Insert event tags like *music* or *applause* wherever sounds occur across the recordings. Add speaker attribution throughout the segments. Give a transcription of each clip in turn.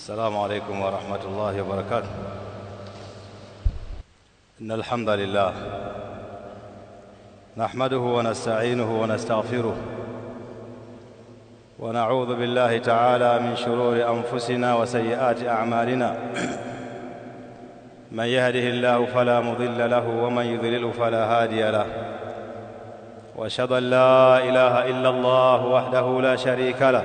Speaker 1: السلام عليكم ورحمة الله وبركاته إن الحمد لله نحمده ونستعينه ونستغفره ونعوذ بالله تعالى من شرور أنفسنا وسيئات أعمالنا من يهده الله فلا مضل له ومن يضلله فلا هادي له واشهد ان لا اله الا الله وحده لا شريك له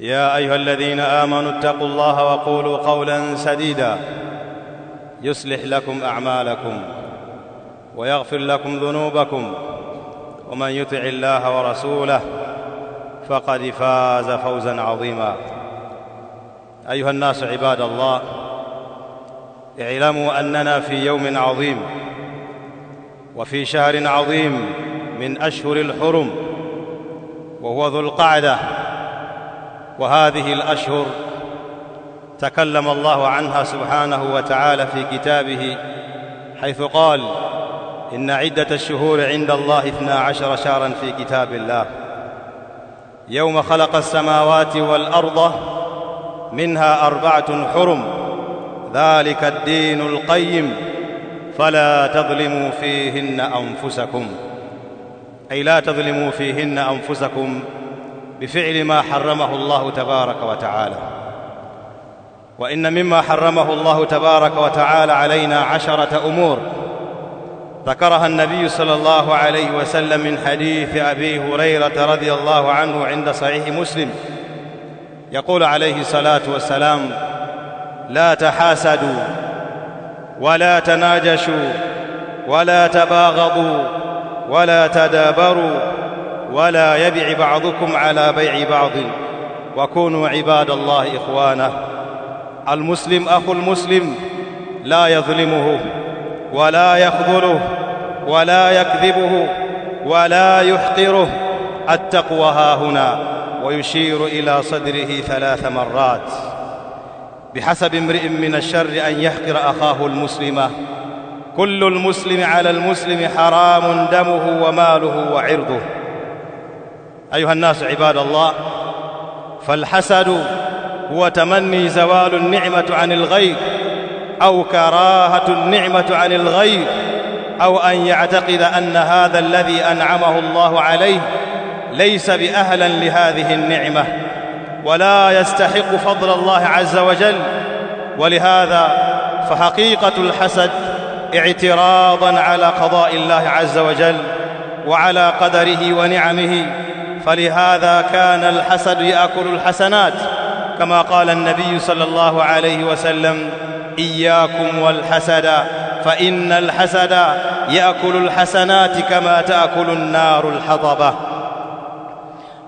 Speaker 1: يا ايها الذين امنوا اتقوا الله وقولوا قولا سديدا يصلح لكم اعمالكم ويغفر لكم ذنوبكم ومن يطع الله ورسوله فقد فاز فوزا عظيما ايها الناس عباد الله اعلموا اننا في يوم عظيم وفي شهر عظيم من اشهر الحرم وهو ذو القعده وهذه الاشهر تكلم الله عنها سبحانه وتعالى في كتابه حيث قال ان عده الشهور عند الله اثنا عشر شهرا في كتاب الله يوم خلق السماوات والارض منها اربعه حرم ذلك الدين القيم فلا تظلموا فيهن انفسكم اي لا تظلموا فيهن انفسكم بفعل ما حرمه الله تبارك وتعالى وإن مما حرمه الله تبارك وتعالى علينا عشرة أمور ذكرها النبي صلى الله عليه وسلم من حديث أبي هريرة رضي الله عنه عند صحيح مسلم يقول عليه الصلاة والسلام لا تحاسدوا ولا تناجشوا ولا تباغضوا ولا تدابروا ولا يبع بعضكم على بيع بعض وكونوا عباد الله إخوانه المسلم أخو المسلم لا يظلمه ولا يخذله ولا يكذبه ولا يحقره التقوى ها هنا ويشير إلى صدره ثلاث مرات بحسب امرئ من الشر أن يحقر أخاه المسلم كل المسلم على المسلم حرام دمه وماله وعرضه أيها الناس عباد الله فالحسد هو تمني زوال النعمة عن الغير أو كراهة النعمة عن الغير أو أن يعتقد أن هذا الذي أنعمه الله عليه ليس بأهلا لهذه النعمة ولا يستحق فضل الله عز وجل ولهذا فحقيقة الحسد اعتراضا على قضاء الله عز وجل وعلى قدره ونعمه فلهذا كان الحسد يأكل الحسنات كما قال النبي صلى الله عليه وسلم إياكم والحسد فإن الحسد يأكل الحسنات كما تأكل النار الحطبة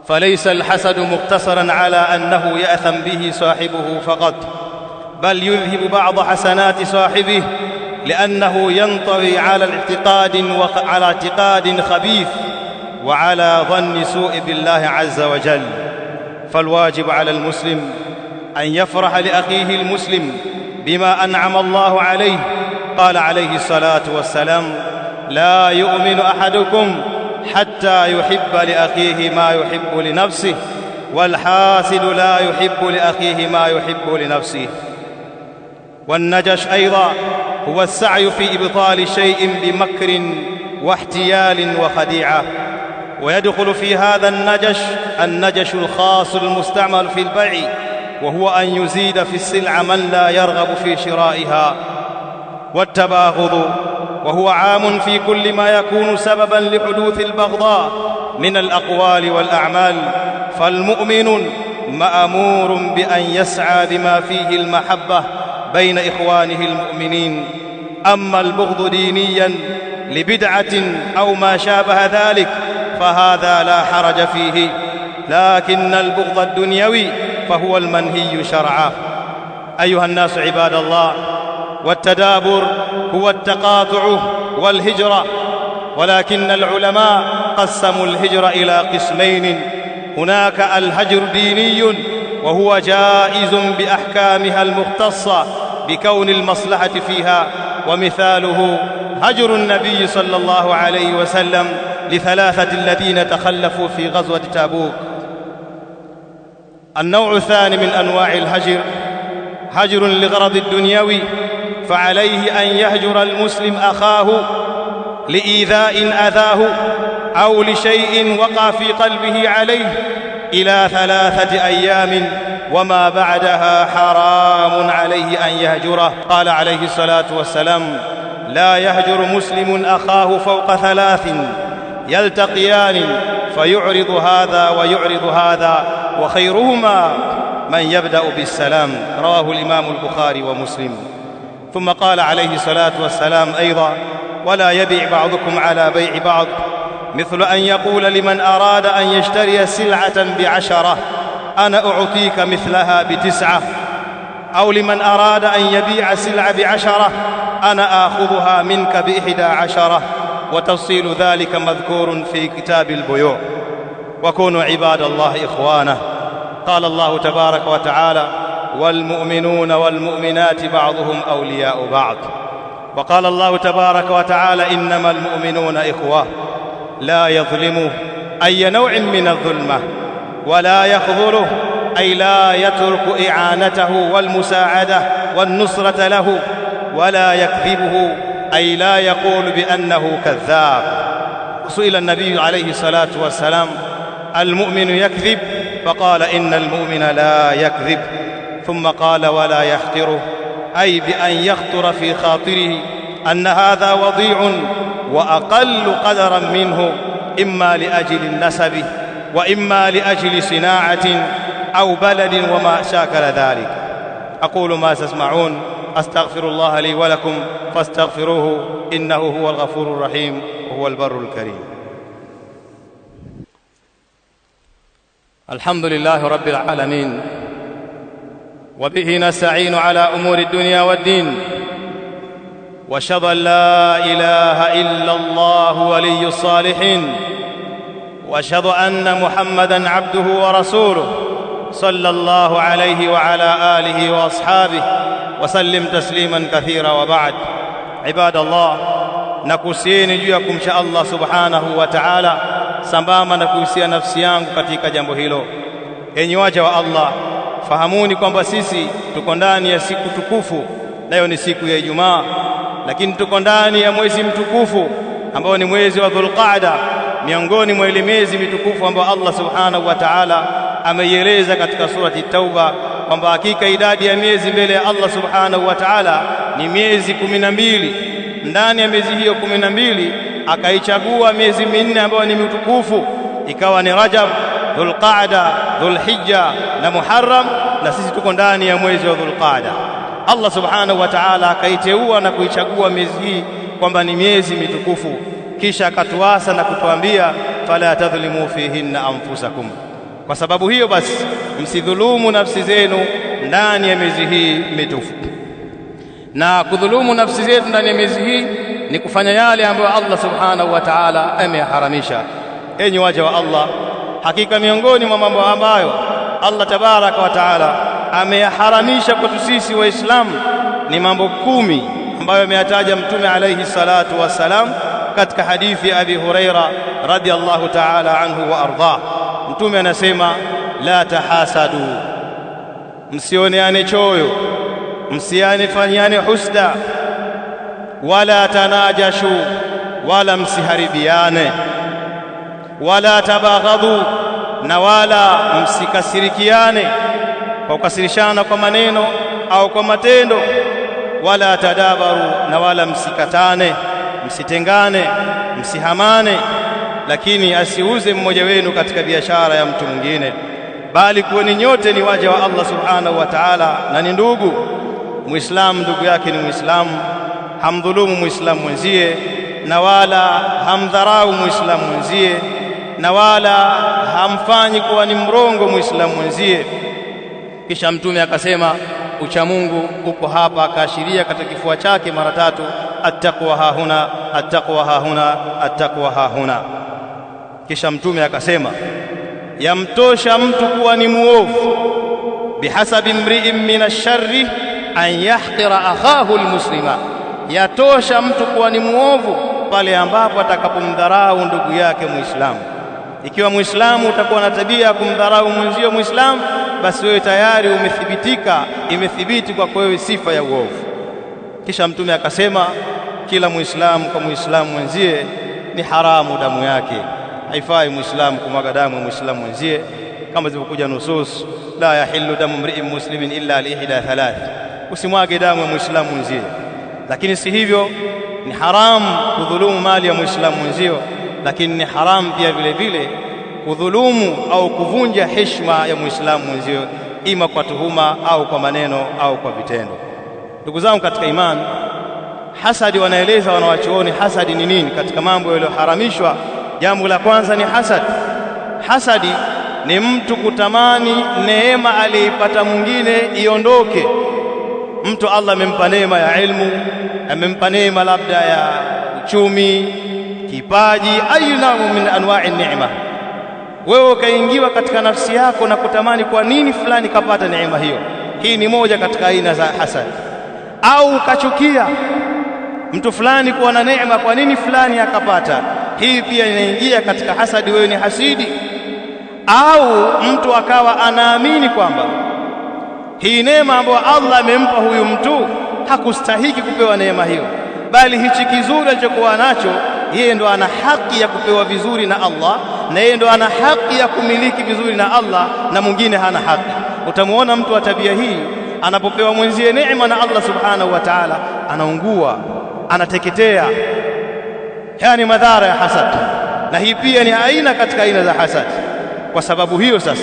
Speaker 1: فليس الحسد مقتصرا على أنه يأثم به صاحبه فقط بل يذهب بعض حسنات صاحبه لأنه ينطوي على اعتقاد وعلى اعتقاد خبيث وعلى ظن سوء بالله عز وجل فالواجب على المسلم أن يفرح لأخيه المسلم بما أنعم الله عليه قال عليه الصلاة والسلام لا يؤمن أحدكم حتى يحب لأخيه ما يحب لنفسه والحاسد لا يحب لأخيه ما يحب لنفسه والنجش أيضا هو السعي في إبطال شيء بمكر واحتيال وخديعة ويدخل في هذا النجش النجش الخاص المستعمل في البيع وهو أن يزيد في السلعة من لا يرغب في شرائها والتباغض وهو عام في كل ما يكون سببا لحدوث البغضاء من الأقوال والأعمال فالمؤمن مأمور بأن يسعى بما فيه المحبة بين إخوانه المؤمنين أما البغض دينياً لبدعة أو ما شابه ذلك فهذا لا حرج فيه لكن البغض الدنيوي فهو المنهي شرعا أيها الناس عباد الله والتدابر هو التقاطع والهجرة ولكن العلماء قسموا الهجرة إلى قسمين هناك الهجر ديني وهو جائز بأحكامها المختصة بكون المصلحة فيها ومثاله هجر النبي صلى الله عليه وسلم لثلاثة الذين تخلفوا في غزوة تابوك النوع الثاني من أنواع الهجر هجر لغرض الدنيوي فعليه أن يهجر المسلم أخاه لإيذاء أذاه أو لشيء وقع في قلبه عليه إلى ثلاثة أيام وما بعدها حرام عليه أن يهجره قال عليه الصلاة والسلام لا يهجر مسلم أخاه فوق ثلاثٍ يلتقيان فيعرض هذا ويعرض هذا وخيرهما من يبدأ بالسلام رواه الإمام البخاري ومسلم ثم قال عليه الصلاة والسلام أيضا ولا يبيع بعضكم على بيع بعض مثل أن يقول لمن أراد أن يشتري سلعة بعشرة أنا أعطيك مثلها بتسعة أو لمن أراد أن يبيع سلعة بعشرة أنا آخذها منك بإحدى عشرة وتفصيل ذلك مذكور في كتاب البيوع وكونوا عباد الله إخوانه قال الله تبارك وتعالى والمؤمنون والمؤمنات بعضهم أولياء بعض وقال الله تبارك وتعالى إنما المؤمنون إخوة لا يظلم أي نوع من الظلمة ولا يخذله أي لا يترك إعانته والمساعدة والنصرة له ولا يكذبه أي لا يقول بأنه كذاب سئل النبي عليه الصلاة والسلام المؤمن يكذب فقال إن المؤمن لا يكذب ثم قال ولا يحقره أي بأن يخطر في خاطره أن هذا وضيع وأقل قدرا منه إما لأجل النسب وإما لأجل صناعة أو بلد وما شاكل ذلك أقول ما تسمعون أستغفر الله لي ولكم فاستغفروه إنه هو الغفور الرحيم وهو البر الكريم الحمد لله رب العالمين وبه نستعين على أمور الدنيا والدين وشهد ان لا اله الا الله ولي الصالحين واشهد ان محمدا عبده ورسوله صلى الله عليه وعلى آله وأصحابه وسلم تسليما كثيرا وبعد عباد الله nakuhusieni juu ya kumcha Allah subhanahu wa ta'ala, sambamba na kuhusia nafsi yangu katika jambo hilo. Enyi waja wa Allah, fahamuni kwamba sisi tuko ndani ya siku tukufu, nayo ni siku ya Ijumaa, lakini tuko ndani ya mwezi mtukufu ambao ni mwezi wa Dhulqaada, miongoni mwa ile miezi mitukufu ambayo Allah subhanahu wa ta'ala ameieleza katika surati Tauba kwamba hakika idadi ya miezi mbele ya Allah subhanahu wa ta'ala ni miezi kumi na mbili. Ndani ya miezi hiyo kumi na mbili akaichagua miezi minne ambayo ni mitukufu, ikawa ni Rajab, Dhulqaada, Dhulhijja na Muharram, na sisi tuko ndani ya mwezi wa Dhulqaada. Allah subhanahu wa ta'ala akaiteua na kuichagua miezi hii kwamba ni miezi mitukufu, kisha akatuasa na kutuambia fala tadhlimu fihinna anfusakum kwa sababu hiyo basi, msidhulumu nafsi zenu ndani ya miezi hii mitufu Na kudhulumu nafsi zetu ndani ya miezi hii ni kufanya yale ambayo Allah subhanahu wa ta'ala ameyaharamisha. Enyi waja wa Allah, hakika miongoni mwa mambo ambayo Allah tabaraka wa taala ameyaharamisha kwetu sisi Waislamu ni mambo kumi ambayo ameyataja Mtume alaihi salatu wassalam katika hadithi ya Abi Huraira radhiyallahu ta'ala anhu wa ardhah Mtume anasema la tahasadu, msioneane choyo, msiane fanyane husda, wala tanajashu, wala msiharibiane, wala tabaghadu, na wala msikasirikiane kwa kukasirishana kwa maneno au kwa matendo, wala tadabaru, na wala msikatane, msitengane, msihamane lakini asiuze mmoja wenu katika biashara ya mtu mwingine, bali kuweni nyote ni waja wa Allah subhanahu wa ta'ala na ni ndugu. Muislamu ndugu yake ni Muislamu, hamdhulumu Muislamu mwenziye na wala hamdharau Muislamu mwenziye na wala hamfanyi kuwa ni mrongo Muislamu mwenziye. Kisha Mtume akasema ucha Mungu uko hapa, akaashiria katika kifua chake mara tatu, attaqwa hahuna, attaqwa hahuna, attaqwa hahuna. Kisha Mtume akasema, yamtosha mtu kuwa ni muovu bihasabi mri'in min ash-sharri an yahqira akhahu almuslima, yatosha mtu kuwa ni muovu pale ambapo atakapomdharau ndugu yake Muislamu. Ikiwa Muislamu utakuwa na tabia ya kumdharau mwenzio Muislamu, basi wewe tayari umethibitika, imethibiti kwako wewe sifa ya uovu. Kisha Mtume akasema, kila Muislamu kwa Muislamu mwenzie ni haramu damu yake haifai muislamu kumwaga damu ya muislamu mwenzie kama zilivyokuja nusus la yahillu damu mri'in muslimin illa liihda thalath, usimwage damu ya muislamu mwenzie. Lakini si hivyo, ni haramu kudhulumu mali ya muislamu mwenzio, lakini ni haramu pia vile vile kudhulumu au kuvunja heshima ya muislamu mwenzio, ima kwa tuhuma au kwa maneno au kwa vitendo. Ndugu zangu katika imani, hasadi, wanaeleza wanawachuoni hasadi ni nini katika mambo yaliyoharamishwa Jambo la kwanza ni hasadi. Hasadi ni mtu kutamani neema aliyeipata mwingine iondoke. Mtu Allah amempa neema ya ilmu, amempa neema labda ya uchumi, kipaji, aina min anwa'i neema, wewe ukaingiwa katika nafsi yako na kutamani kwa nini fulani kapata neema hiyo. Hii ni moja katika aina za hasadi. Au ukachukia mtu fulani kuwa na neema, kwa nini fulani akapata hii pia inaingia katika hasadi, wewe ni hasidi. Au mtu akawa anaamini kwamba hii neema ambayo Allah amempa huyu mtu hakustahiki kupewa neema hiyo, bali hichi kizuri alichokuwa nacho yeye ndo ana haki ya kupewa vizuri na Allah, na yeye ndo ana haki ya kumiliki vizuri na Allah, na mwingine hana haki. Utamwona mtu wa tabia hii anapopewa mwenzie neema na Allah subhanahu wa ta'ala, anaungua, anateketea yani ni madhara ya hasad, na hii pia ni aina katika aina za hasad. Kwa sababu hiyo sasa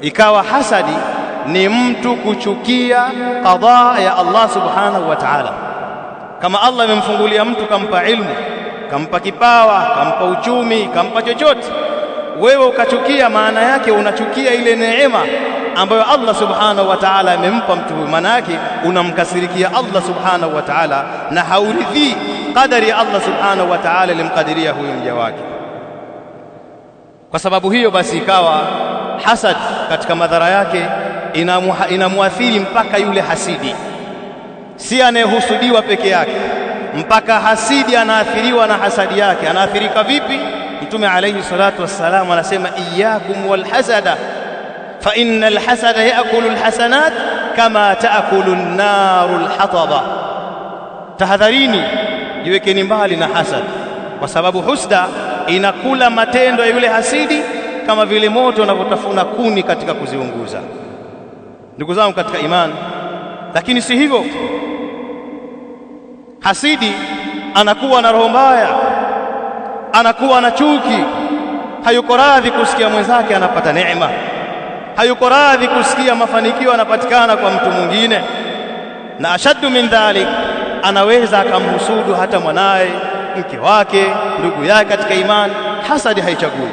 Speaker 1: ikawa hasadi ni mtu kuchukia qadaa ya Allah subhanahu wa ta'ala. Kama Allah amemfungulia mtu, kampa ilmu, kampa kipawa, kampa uchumi, kampa chochote, wewe ukachukia, maana yake unachukia ile neema ambayo Allah subhanahu wa ta'ala amempa mtu huyu. Maana yake unamkasirikia Allah subhanahu wa ta'ala na hauridhii qadari Allah subhanahu wa ta'ala ilimkadiria huyu mja wake. Kwa sababu hiyo basi ikawa hasad katika madhara yake inamwathiri mpaka yule hasidi, si anayehusudiwa peke yake, mpaka hasidi anaathiriwa na hasadi yake. Anaathirika vipi? Mtume alayhi salatu wassalam anasema iyyakum walhasada fa innal hasada yaakulu alhasanat kama taakulu an-naru alhataba, tahadharini jiwekeni mbali na hasad, kwa sababu husda inakula matendo ya yule hasidi kama vile moto unavyotafuna kuni katika kuziunguza. Ndugu zangu katika imani, lakini si hivyo, hasidi anakuwa na roho mbaya, anakuwa na chuki, hayuko radhi kusikia mwenzake anapata neema, hayuko radhi kusikia mafanikio anapatikana kwa mtu mwingine, na ashaddu min dhalik anaweza akamhusudu hata mwanaye, mke wake, ndugu yake katika imani. Hasadi haichagui.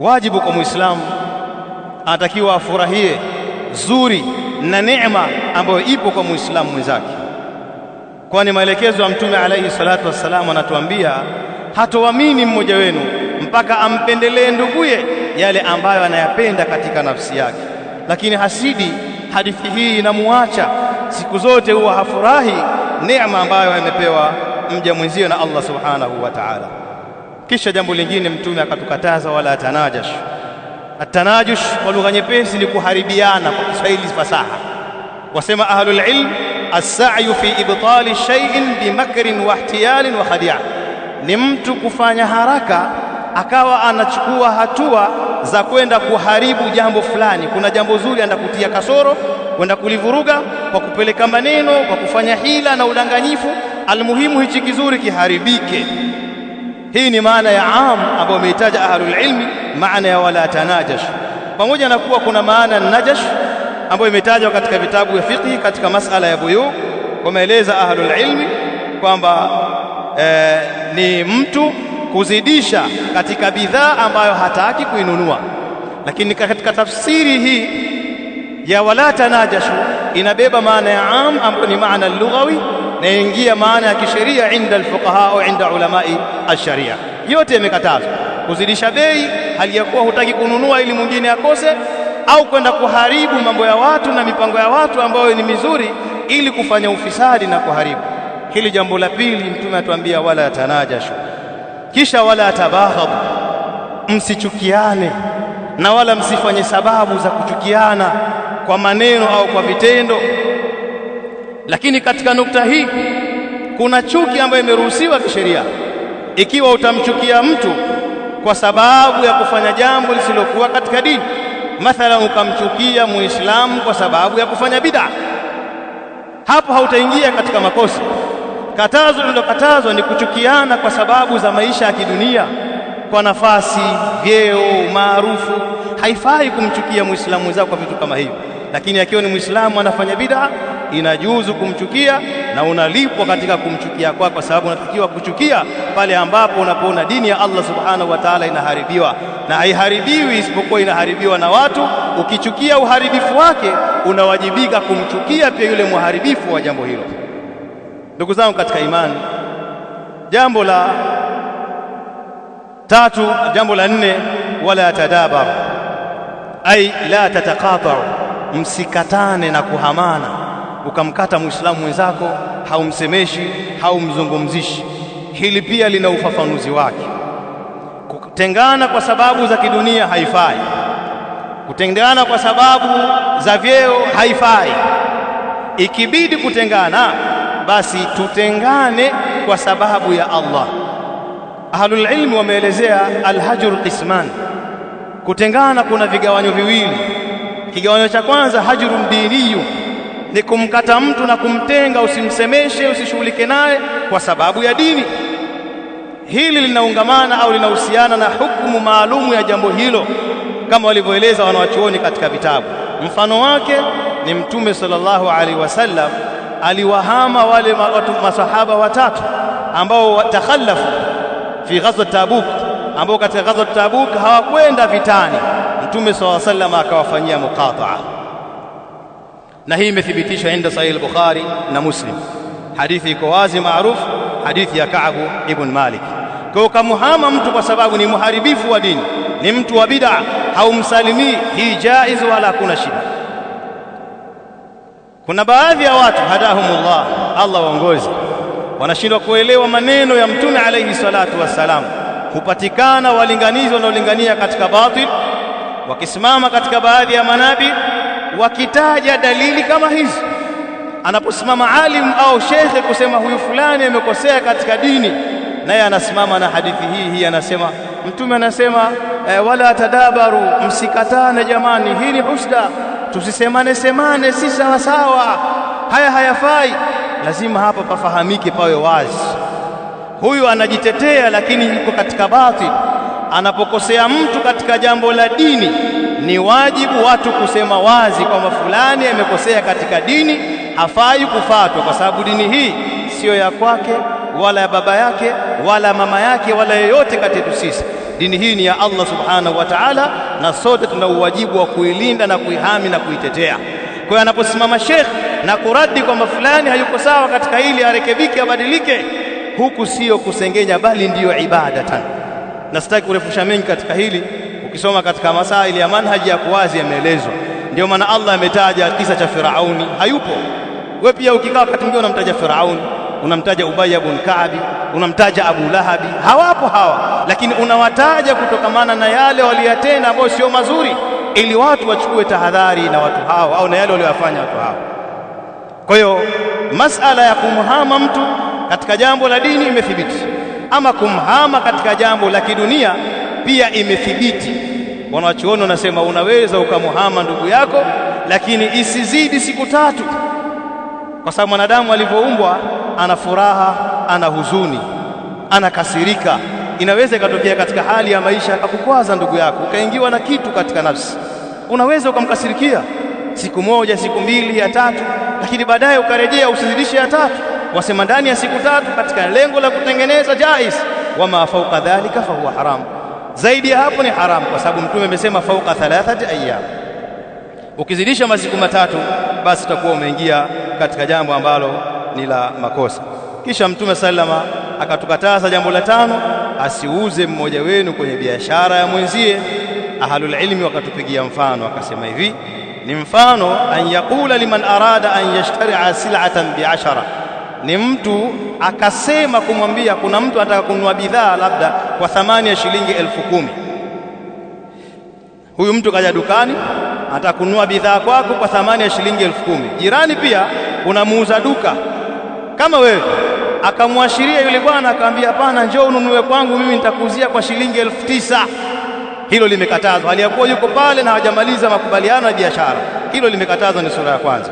Speaker 1: Wajibu kwa Muislamu anatakiwa afurahie zuri na neema ambayo ipo kwa Muislamu mwenzake, kwani maelekezo ya Mtume alaihi salatu wassalamu anatuambia hatoamini mmoja wenu mpaka ampendelee nduguye yale ambayo anayapenda katika nafsi yake. Lakini hasidi, hadithi hii inamuacha siku zote huwa hafurahi neema ambayo amepewa mja mwenzio na Allah subhanahu wa ta'ala. Kisha jambo lingine Mtume akatukataza wala tanajash. Atanajush kwa lugha nyepesi ni kuharibiana, kwa Kiswahili fasaha. Wasema ahlul ilm as-sa'yu fi ibtali shay'in bimakrin wa ihtiyalin wa khadi'a, ni mtu kufanya haraka akawa anachukua hatua za kwenda kuharibu jambo fulani. Kuna jambo zuri anda kutia kasoro, kwenda kulivuruga kwa kupeleka maneno, kwa kufanya hila na udanganyifu. Almuhimu hichi kizuri kiharibike. Hii ni maana ya am ambayo imehitaja ahlul ilmi, maana ya wala tanajash, pamoja na kuwa kuna maana najash ambayo imetajwa katika vitabu vya fiqhi katika masala ya buyu. Wameeleza ahlul ilmi kwamba eh, ni mtu kuzidisha katika bidhaa ambayo hataki kuinunua. Lakini katika tafsiri hii ya wala tanajashu inabeba maana ya am ambayo ni maana lughawi na ingia maana ya kisheria inda alfuqaha au inda ulamai alsharia. Yote imekatazwa kuzidisha bei hali ya kuwa hutaki kununua ili mwingine akose, au kwenda kuharibu mambo ya watu na mipango ya watu ambayo ni mizuri ili kufanya ufisadi na kuharibu. Hili jambo la pili, Mtume atuambia wala tanajashu kisha wala tabaghadhu, msichukiane na wala msifanye sababu za kuchukiana kwa maneno au kwa vitendo. Lakini katika nukta hii kuna chuki ambayo imeruhusiwa kisheria. Ikiwa utamchukia mtu kwa sababu ya kufanya jambo lisilokuwa katika dini, mathalan ukamchukia Muislamu kwa sababu ya kufanya bid'a, hapo hautaingia katika makosa. Katazo lilokatazwa ni kuchukiana kwa sababu za maisha ya kidunia, kwa nafasi, vyeo, maarufu. Haifai kumchukia muislamu mwenzako kwa vitu kama hivyo, lakini akiwa ni muislamu anafanya bid'a inajuzu kumchukia na unalipwa katika kumchukia kwako, kwa sababu unatakiwa kuchukia pale ambapo unapoona dini ya Allah subhanahu wa ta'ala inaharibiwa, na haiharibiwi isipokuwa inaharibiwa na watu. Ukichukia uharibifu wake, unawajibika kumchukia pia yule muharibifu wa jambo hilo. Ndugu zangu katika imani, jambo la tatu, jambo la nne, wala tadabaru ai la tatakatau, msikatane na kuhamana. Ukamkata muislamu mwenzako, haumsemeshi haumzungumzishi. Hili pia lina ufafanuzi wake. Kutengana kwa sababu za kidunia haifai, kutengana kwa sababu za vyeo haifai. Ikibidi kutengana basi tutengane kwa sababu ya Allah. Ahlul ilm wameelezea alhajru qisman, kutengana kuna vigawanyo viwili. Kigawanyo cha kwanza hajru diniyu, ni kumkata mtu na kumtenga, usimsemeshe, usishughulike naye kwa sababu ya dini. Hili linaungamana au linahusiana na hukumu maalumu ya jambo hilo kama walivyoeleza wanawachuoni katika vitabu. Mfano wake ni Mtume sallallahu alaihi wasallam aliwahama wale watu masahaba watatu ambao takhallafu fi ghazwat Tabuk, ambao katika ghazwat Tabuk hawakwenda vitani. Mtume swalla sallam akawafanyia muqataa, na hii imethibitishwa inda Sahih al-Bukhari na Muslim. Hadithi iko wazi maarufu, hadithi ya Ka'b ibn Malik. Kwa ukamuhama mtu kwa sababu ni muharibifu wa dini, ni mtu wa bid'a, haumsalimii, hii jaiz wala hakuna shida. Kuna baadhi ya watu hadahumullah, Allah waongoze, wanashindwa kuelewa maneno ya Mtume alayhi salatu wassalam. Hupatikana walinganizi wanaolingania katika batil, wakisimama katika baadhi ya manabi wakitaja dalili kama hizi. Anaposimama alimu au shekhe kusema huyu fulani amekosea katika dini, naye anasimama na hadithi hii hii, anasema Mtume anasema e, wala tadabaru, msikatane jamani, hii ni husda tusisemane semane si sawa sawa, haya hayafai. Lazima hapa pafahamike, pawe wazi. Huyu anajitetea lakini yuko katika batil. Anapokosea mtu katika jambo la dini, ni wajibu watu kusema wazi kwamba fulani amekosea katika dini, hafai kufatwa, kwa sababu dini hii siyo ya kwake wala ya baba yake wala mama yake wala yeyote kati yetu sisi. Dini hii ni ya Allah subhanahu wa ta'ala na sote tuna uwajibu wa kuilinda na kuihami na kuitetea. Kwa hiyo anaposimama Sheikh na kuradi kwamba fulani hayuko sawa katika hili, arekebike, abadilike, huku sio kusengenya, bali ndiyo ibadatan. Na sitaki kurefusha mengi katika hili, ukisoma katika masaili ya manhaji ya kuwazi yameelezwa. Ndiyo maana Allah ametaja kisa cha Firauni, hayupo. We pia ukikaa wakati mwingine unamtaja Firauni unamtaja Ubaya bin Kaabi, unamtaja Abu Lahabi, hawapo hawa, lakini unawataja kutokamana na yale waliyatenda ambayo sio mazuri, ili watu wachukue tahadhari na watu hao au na yale waliyofanya watu hao. Kwa hiyo masala ya kumhama mtu katika jambo la dini imethibiti, ama kumhama katika jambo la kidunia pia imethibiti. Wanawachuoni wanasema unaweza ukamuhama ndugu yako, lakini isizidi siku tatu, kwa sababu mwanadamu alivyoumbwa ana furaha, ana huzuni, anakasirika. Inaweza ikatokea katika hali ya maisha akukwaza ndugu yako, ukaingiwa na kitu katika nafsi, unaweza ukamkasirikia siku moja, siku mbili, ya tatu, lakini baadaye ukarejea usizidishe ya tatu, wasema ndani ya siku tatu, katika lengo la kutengeneza jaiz. wa fauka dhalika fahuwa haramu, zaidi ya hapo ni haramu, kwa sababu Mtume amesema fauka thalathati ayyam, ukizidisha masiku matatu basi utakuwa umeingia katika jambo ambalo ni la makosa. Kisha Mtume salama akatukataza jambo la tano, asiuze mmoja wenu kwenye biashara ya mwenzie. Ahlulilmi wakatupigia mfano, akasema hivi ni mfano an yaqula liman arada an yashtari'a sil'atan biashara, ni mtu akasema kumwambia, kuna mtu anataka kununua bidhaa labda kwa thamani ya shilingi elfu kumi. Huyu mtu kaja dukani anataka kununua bidhaa kwako kwa thamani ya shilingi elfu kumi. Jirani pia kuna muuza duka kama wewe, akamwashiria yule bwana akamwambia, hapana, njoo ununue kwangu, mimi nitakuuzia kwa shilingi elfu tisa. Hilo limekatazwa, hali ya kuwa yuko pale na hajamaliza makubaliano ya biashara. Hilo limekatazwa, ni sura ya kwanza.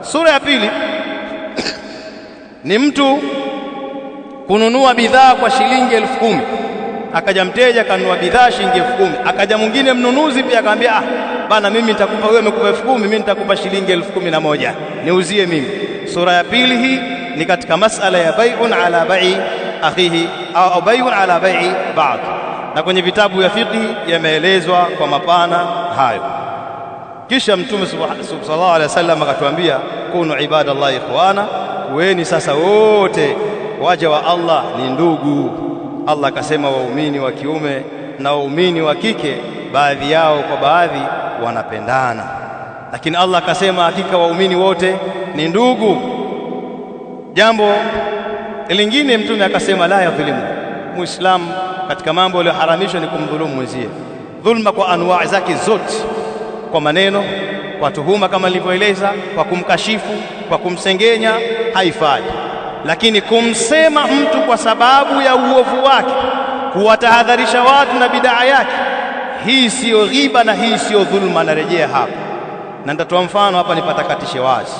Speaker 1: Sura ya pili *clears throat* ni mtu kununua bidhaa kwa shilingi elfu kumi akaja mteja akanunua bidhaa shilingi elfu kumi akaja mwingine mnunuzi pia akamwambia, ah bana, mimi nitakupa wewe, umekupa elfu kumi mimi nitakupa shilingi elfu kumi na moja niuzie mimi. Sura ya pili hii ni katika masala ya bai'un ala bai'i akhihi au bai'un ala bai'i ba'd, na kwenye vitabu vya fiqh yameelezwa kwa mapana hayo. Kisha Mtume sallallahu alaihi wasallam akatuambia, kunu ibadallahi ikhwana, kuweni sasa wote waja wa Allah ni ndugu. Allah akasema waumini wa kiume na waumini wa kike baadhi yao kwa baadhi wanapendana, lakini Allah akasema hakika waumini wote ni ndugu. Jambo lingine Mtume akasema, la yadhlimu muislamu, katika mambo yaliyoharamishwa ni kumdhulumu mwenzie, dhulma kwa anwaa zake zote, kwa maneno, kwa tuhuma kama nilivyoeleza, kwa kumkashifu, kwa kumsengenya, haifai. Lakini kumsema mtu kwa sababu ya uovu wake, kuwatahadharisha watu na bidaa yake, hii siyo ghiba na hii siyo dhulma. Narejea hapa na nitatoa mfano hapa, nipatakatishe wazi.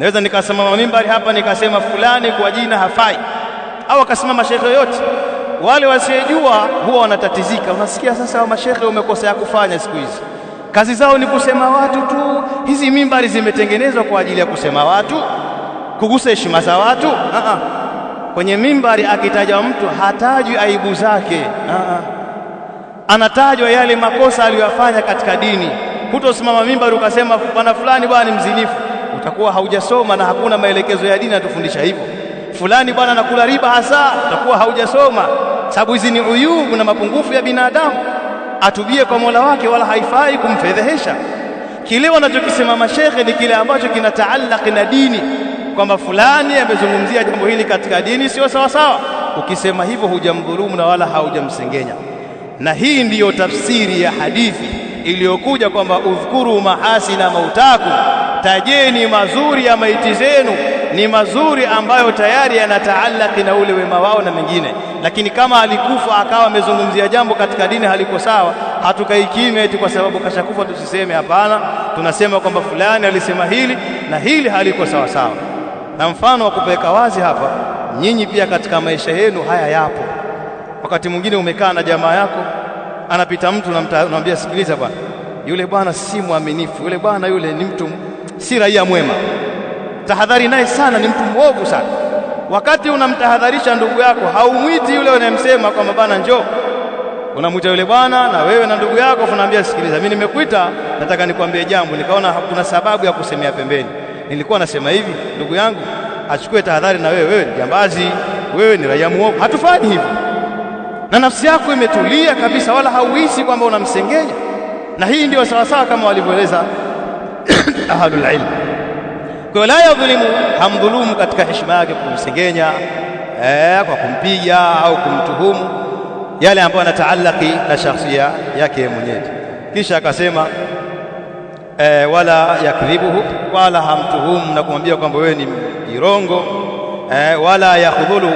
Speaker 1: Naweza nikasimama mimbari hapa nikasema fulani kwa jina hafai, au akasimama shekhe yoyote. Wale wasiyejua huwa wanatatizika, unasikia sasa, wa mashekhe umekosa ya kufanya siku hizi, kazi zao ni kusema watu tu. Hizi mimbari zimetengenezwa kwa ajili ya kusema watu, kugusa heshima za watu. Aa, kwenye mimbari akitajwa mtu hatajwi aibu zake, anatajwa yale makosa aliyofanya katika dini. Hutosimama mimbari ukasema bwana fulani, bwana ni mzinifu utakuwa haujasoma na hakuna maelekezo ya dini yanatufundisha hivyo. Fulani bwana anakula riba hasa, utakuwa haujasoma, sababu hizi ni uyubu na mapungufu ya binadamu. Atubie kwa Mola wake, wala haifai kumfedhehesha. Kile wanachokisema mashekhe ni kile ambacho taalaki na dini, kwamba fulani amezungumzia jambo hili katika dini sio sawa sawa. Ukisema hivyo hujamdhulumu na wala haujamsengenya, na hii ndiyo tafsiri ya hadithi iliyokuja kwamba udhkuru mahasina mautakum tajeni mazuri ya maiti zenu, ni mazuri ambayo tayari yanataallaki na ule wema wao na mengine. Lakini kama alikufa akawa amezungumzia jambo katika dini haliko sawa, hatukai kimya eti kwa sababu kashakufa tusiseme. Hapana, tunasema kwamba fulani alisema hili na hili haliko sawa sawa. Na mfano wa kupeleka wazi hapa, nyinyi pia katika maisha yenu haya yapo. Wakati mwingine umekaa na jamaa yako, anapita mtu, namwambia sikiliza bwana, yule bwana si mwaminifu, yule bwana yule ni mtu si raia mwema. Tahadhari naye sana, ni mtu mwovu sana. Wakati unamtahadharisha ndugu yako, haumwiti yule unayemsema kwamba bana njoo, unamwita yule bwana, na wewe na ndugu yako unaambia, sikiliza, mimi nimekuita, nataka nikwambie jambo, nikaona hakuna sababu ya kusemea pembeni, nilikuwa nasema hivi. Ndugu yangu achukue tahadhari na wewe, wewe ni jambazi, wewe ni raia mwovu. Hatufani hivyo, na nafsi yako imetulia kabisa, wala hauhisi kwamba unamsengenya. Na hii ndio sawasawa kama walivyoeleza ahlul ilm. Kwa hiyo la yadhlimu, hamdhulumu katika heshima yake kumsengenya, eh, kwa kumpiga au kumtuhumu yale ambayo yanataallaki na shakhsia yake mwenyewe. Kisha akasema eh, wala yakdhibuhu, wala hamtuhumu na kumwambia kwamba wewe ni irongo eh, wala yakhdhulu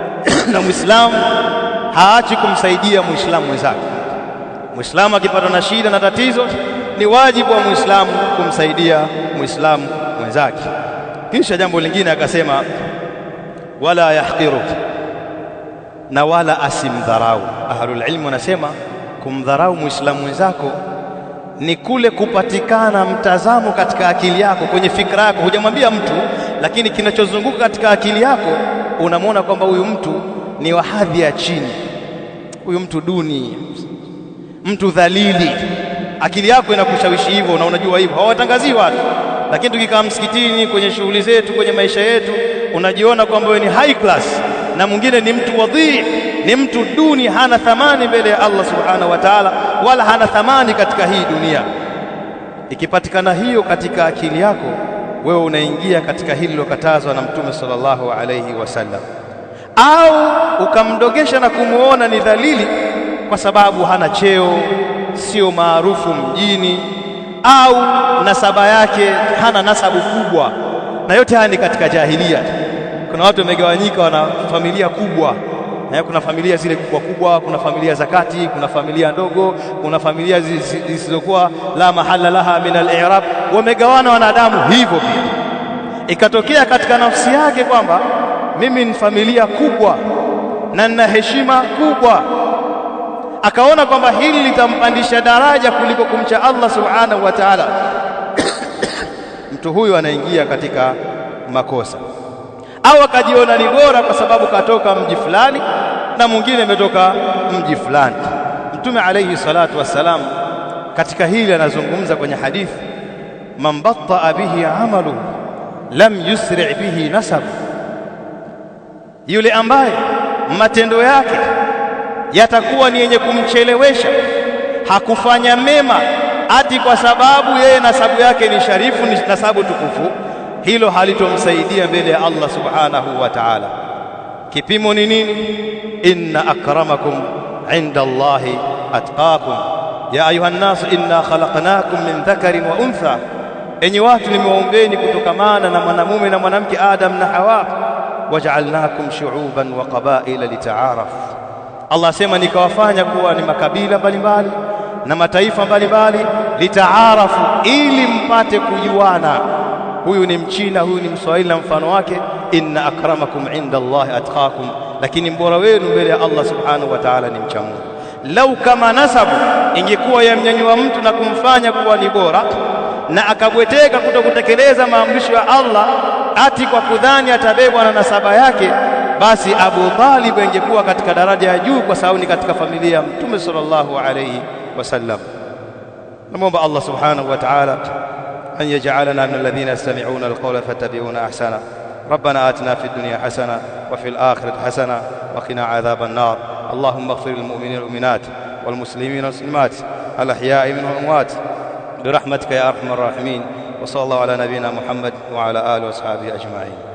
Speaker 1: *coughs* na Mwislamu haachi kumsaidia Mwislamu mwenzake. Mwislamu akipatwa na shida na tatizo ni wajibu wa Muislamu kumsaidia Muislamu mwenzake. Kisha jambo lingine akasema, wala yahqiruk, na wala asimdharau. Ahlul ilmu wanasema kumdharau Muislamu mwenzako ni kule kupatikana mtazamo katika akili yako, kwenye fikra yako, hujamwambia mtu, lakini kinachozunguka katika akili yako unamwona kwamba huyu mtu ni wa hadhi ya chini, huyu mtu duni, mtu dhalili akili yako inakushawishi hivyo na unajua hivyo. Hawatangazii watu, lakini tukikaa msikitini, kwenye shughuli zetu, kwenye maisha yetu, unajiona kwamba wewe ni high class na mwingine ni mtu wadhii, ni mtu duni, hana thamani mbele ya Allah subhanahu wa taala, wala hana thamani katika hii dunia. Ikipatikana hiyo katika akili yako, wewe unaingia katika hili lilokatazwa na Mtume sallallahu alayhi wasallam, au ukamdogesha na kumuona ni dhalili kwa sababu hana cheo sio maarufu mjini au nasaba yake hana nasabu kubwa, na yote haya ni katika jahilia. Kuna watu wamegawanyika, wana familia kubwa eh, kuna familia zile kubwa kubwa, kuna familia za kati, kuna familia ndogo, kuna familia zisizokuwa la mahala laha min al-i'rab. Wamegawana wanadamu hivyo pia. Ikatokea katika nafsi yake kwamba mimi ni familia kubwa na nina heshima kubwa akaona kwamba hili litampandisha daraja kuliko kumcha Allah subhanahu wa ta'ala, *coughs* mtu huyu anaingia katika makosa, au akajiona ni bora kwa sababu katoka mji fulani na mwingine ametoka mji fulani. Mtume alayhi salatu wassalam katika hili anazungumza kwenye hadithi, man battaa bihi amalu lam yusri bihi nasabu, yule ambaye matendo yake yatakuwa ni yenye kumchelewesha, hakufanya mema, ati kwa sababu yeye nasabu yake ni sharifu, ni nasabu tukufu, hilo halitomsaidia mbele ya Allah subhanahu wa ta'ala. Kipimo ni nini? inna akramakum inda Allahi atqakum ya ayuha inna khalaqnakum min dhakarin wa untha, enyi watu nimewaumbeni kutokamana na mwanamume na mwanamke Adam na Hawa, wajaalnakum shu'uban wa qabaila litaarafu Allah asema nikawafanya kuwa ni makabila mbalimbali na mataifa mbalimbali, litaarafu, ili mpate kujuana, huyu ni Mchina, huyu ni Mswahili na mfano wake. Inna akramakum inda Allahi atqakum, lakini mbora wenu mbele ya Allah subhanahu wa ta'ala ni mcha Mungu. Lau kama nasabu ingekuwa yamnyanyua mtu na kumfanya kuwa ni bora, na akabweteka kutokutekeleza maamrisho ya Allah ati kwa kudhani atabebwa na nasaba yake basi Abu Talib angekuwa katika daraja ya juu, kwa sababu ni katika familia Mtume sallallahu alayhi wasallam. Namuomba Allah subhanahu wa ta'ala an yaj'alana min alladhina yastami'una alqawla fattabi'una ahsana ربنا آتنا في الدنيا حسنة وفي الآخرة حسنة وقنا عذاب النار اللهم اغفر للمؤمنين والمؤمنات والمسلمين والمسلمات الأحياء منهم والأموات برحمتك يا أرحم الراحمين وصلى الله على نبينا محمد وعلى آله وصحبه أجمعين